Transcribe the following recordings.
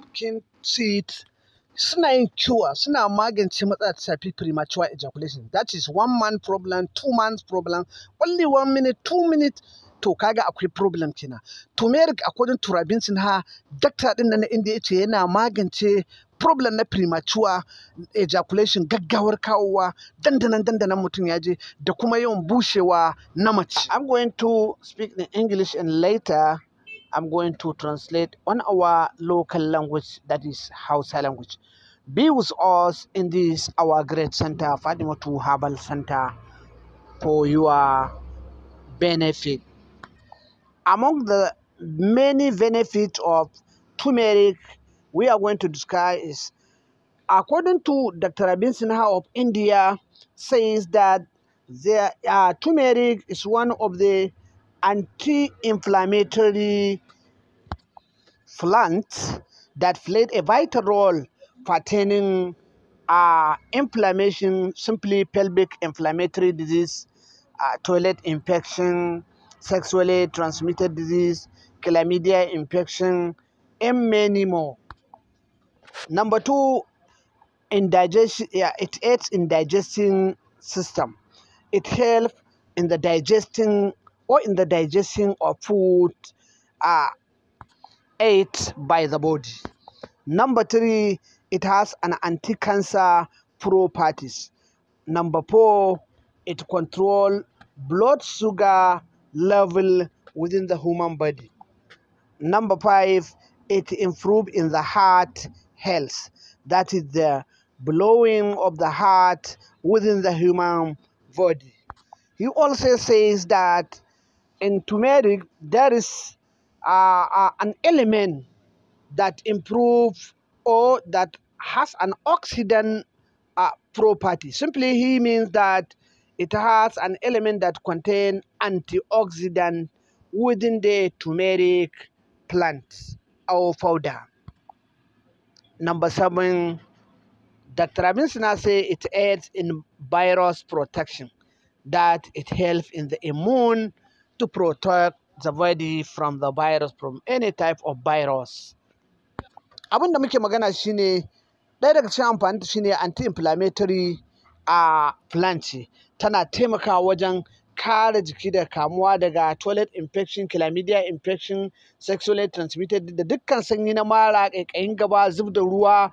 pumpkin seed suna yin cure suna magance matsala ta shafi premature ejaculation that is one man problem two man problem only one minute two minutes to kaga akwai problem kenan turmeric according to Robinson ha dakta din na inda ce yana magance problem na premature ejaculation gaggawar kawowa dandanan dandanan mutum ya je da kuma yawan bushewa na mace i'm going to speak in english and later I'm going to translate on our local language, that is Hausa language. Be with us in this our great center, Fatimatu Herbal Center, for your benefit. Among the many benefits of turmeric we are going to discuss is, according to Dr. Abhinav Sinha of India, says that there, uh, turmeric is one of the anti-inflammatory plants that played a vital role pertaining uh, inflammation, simply pelvic inflammatory disease, uh, toilet infection, sexually transmitted disease, chlamydia infection, and many more. Number two, indigestion. Yeah, it aids in digesting system. It helps in the digesting or in the digestion of food are ate by the body. Number three, it has an anti-cancer properties. Number four, it control blood sugar level within the human body. Number five, it improve in the heart health. That is the blowing of the heart within the human body. He also says that in turmeric there is uh, uh, an element that improves or that has an oxidant uh, property. Simply, he means that it has an element that contain antioxidant within the turmeric plant or powder. Number seven, Dr. Abinsina say it aids in virus protection, that it helps in the immune to protect the body from the virus from any type of virus abin da muke magana shine ɗaya daga cikin amfani ta shine anti-inflammatory a plant tana taimakawa wajen kare jiki da kamuwa daga toilet infection chlamydia infection sexually transmitted da dukkan sanyi na mara ƙaiƙayin gaba zub da ruwa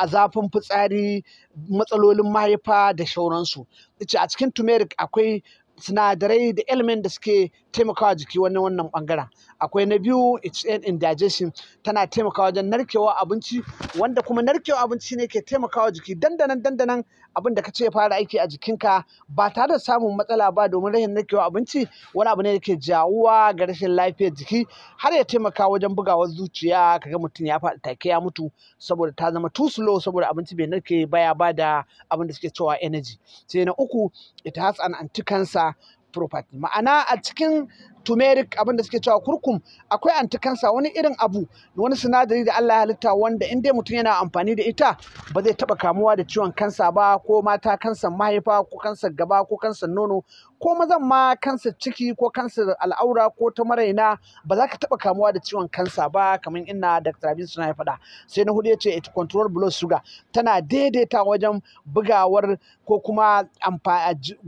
a zafin fitsari matsalolin mahaifa da shauransu ce a cikin turmeric akwai sinadarai da ilimin da suke taimakawa jiki wannan wannan bangaren akwai na biyu it's an indigestion tana taimakawa wajen narkewa abinci wanda kuma narkewa abinci ne ke taimakawa jiki dandanan dandanan abin da kace ya fara aiki a jikinka ba tare da samun matsala ba domin rashin narkewa abinci wani abu ne da ke jawuwa ga rashin lafiyar jiki har ya taimaka wajen bugawar zuciya Ka ga mutum ya faɗi take ya mutu saboda ta zama too slow saboda abinci bai narke baya bada abin da suke cewa energy sai na uku it has an anti-cancer property ma'ana a cikin turmeric abin da suke cewa kurkum akwai antikansa wani irin abu wani sinadari da Allah ya halitta wanda in dai mutum yana amfani da ita ba zai taba kamuwa da ciwon kansa ba ko mata kansa mahaifa ko kansa gaba ko kansa nono ko mazan ma kansa ciki ko kansa al'aura ko ta maraina ba za ka taba kamuwa da ciwon kansa ba kamar da Dr. Abin suna ya faɗa sai na hudu ya ce it control blood sugar tana daidaita wajen bugawar ko kuma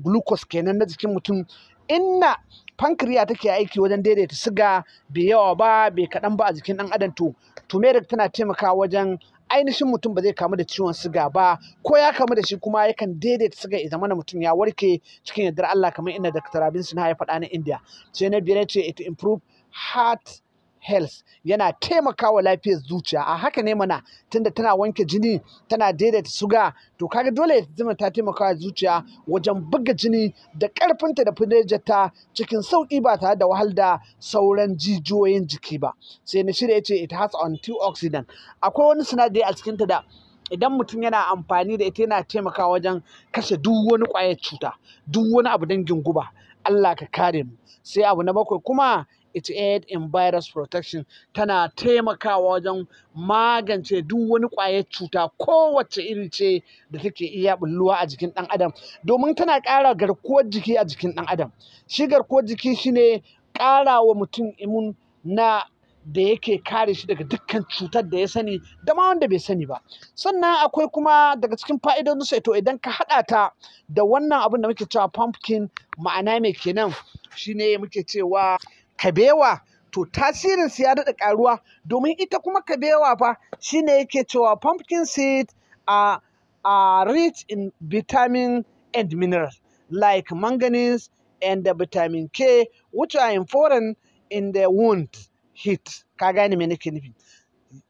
glucose kenan na jikin mutum inna pancreas take aiki wajen daidaita siga bai yawa ba bai kaɗan ba a jikin ɗan adam to turmeric tana taimakawa wajen ainihin mutum ba zai kamu da ciwon siga ba ko ya kamu da shi kuma yakan daidaita siga ya zama mutum ya warke cikin yardar Allah kamar inda Dr. Robinson ya faɗa na India sai na biyar ce it improve heart health yana taimakawa lafiyar zuciya a haka ne mana tunda tana wanke jini tana daidaita suga to kaga dole ya zama ta taimakawa zuciya wajen buga jini da karfinta da fidejarta cikin sauki ba tare da wahal da sauran jijiyoyin jiki ba sai na shirya ce it has antioxidant akwai wani sinadari a cikin ta da idan mutum yana amfani da ita yana taimakawa wajen kashe duk wani kwayar cuta duk wani abu dangin guba Allah ka kare mu sai abu na bakwai kuma its aid in virus protection tana taimakawa wajen magance duk wani ƙwayar cuta kowace iri ce da take iya bulluwa a jikin ɗan adam domin tana ƙara garkuwar jiki a jikin ɗan adam shi garkuwar jiki shine ƙara wa mutum imun na da yake kare shi daga dukkan cutar da ya sani da ma wanda bai sani ba sannan akwai kuma daga cikin su to idan ka haɗa ta da wannan abin da muke cewa pumpkin ma'ana mai kenan shine muke cewa kabewa to tasirinsu ya daɗa ƙaruwa domin ita kuma kabewa fa shine yake cewa pumpkin seed are, are rich in vitamin and minerals like manganese and the vitamin K which are important in the wound heat Kaga ni me nake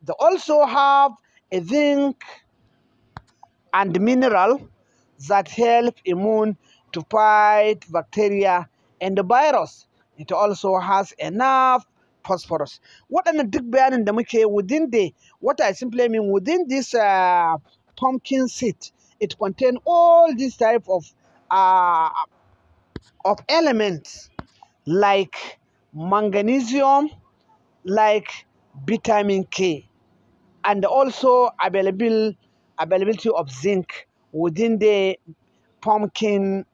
they also have a zinc and mineral that help immune to fight bacteria and the virus it also has enough phosphorus. What Waɗannan duk bayanin We muke within the, what I simply mean within this uh, pumpkin seed, it contains all these type of uh, of elements like magnesium, like vitamin K, and also available availability of zinc within the pumpkin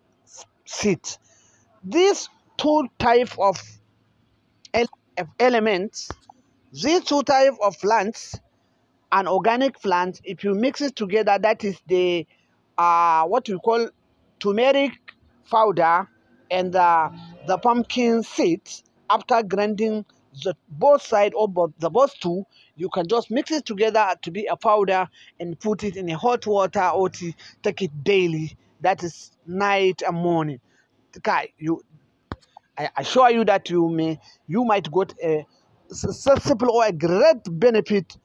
seed. This two type of elements these two type of plants an organic plant if you mix it together that is the uh, what we call turmeric powder and uh, the pumpkin seeds after grinding the both side or both the both two you can just mix it together to be a powder and put it in a hot water or to take it daily that is night and morning okay you I assure you that you may you might get a successful or a great benefit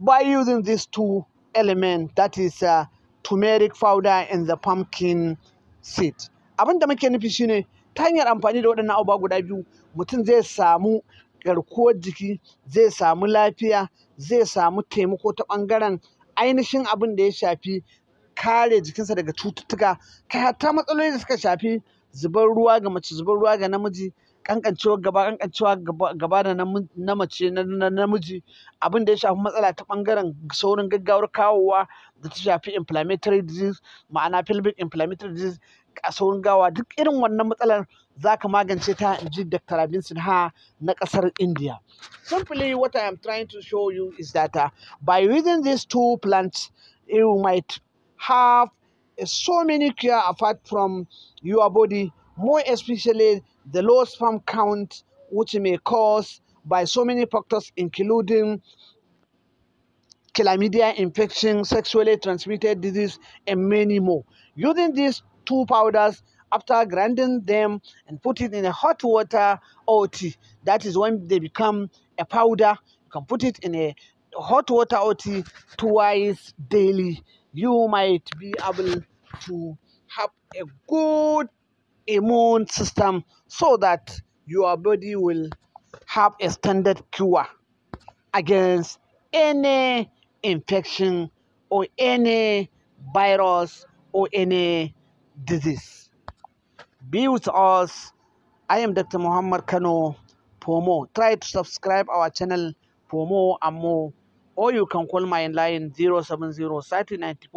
by using these two elements that is uh, turmeric powder and the pumpkin seed abin da muke nufi shine ta hanyar amfani da waɗannan abubuwa guda biyu mutum zai samu garkuwar jiki zai samu lafiya zai samu taimako ta ɓangaren ainihin abin da ya shafi kare jikinsa daga cututtuka kai hatta matsaloli da suka shafi zubar ruwa ga mace zubar ruwa ga namiji kankancewa gaba kankancewa gaba da na mace na namiji abin da ya shafi matsala ta bangaren saurin gaggawar kawowa da ta shafi inflammatory disease ma'ana pelvic inflammatory disease a saurin gawa duk irin wannan matsalar za ka magance ta in ji Dr. Rabin Sinha na kasar India. Simply what I am trying to show you is that uh, by using these two plants you might have so many cure apart from your body, more especially the low sperm count, which may cause by so many factors, including chlamydia infection, sexually transmitted disease, and many more. Using these two powders after grinding them and put it in a hot water or tea. That is when they become a powder. You can put it in a hot water or tea twice daily. You might be able to have a good immune system so that your body will have a standard cure against any infection or any virus or any disease. Be with us. I am Dr. Muhammad Kano for more. Try to subscribe our channel for more and more. Or you can call my line 070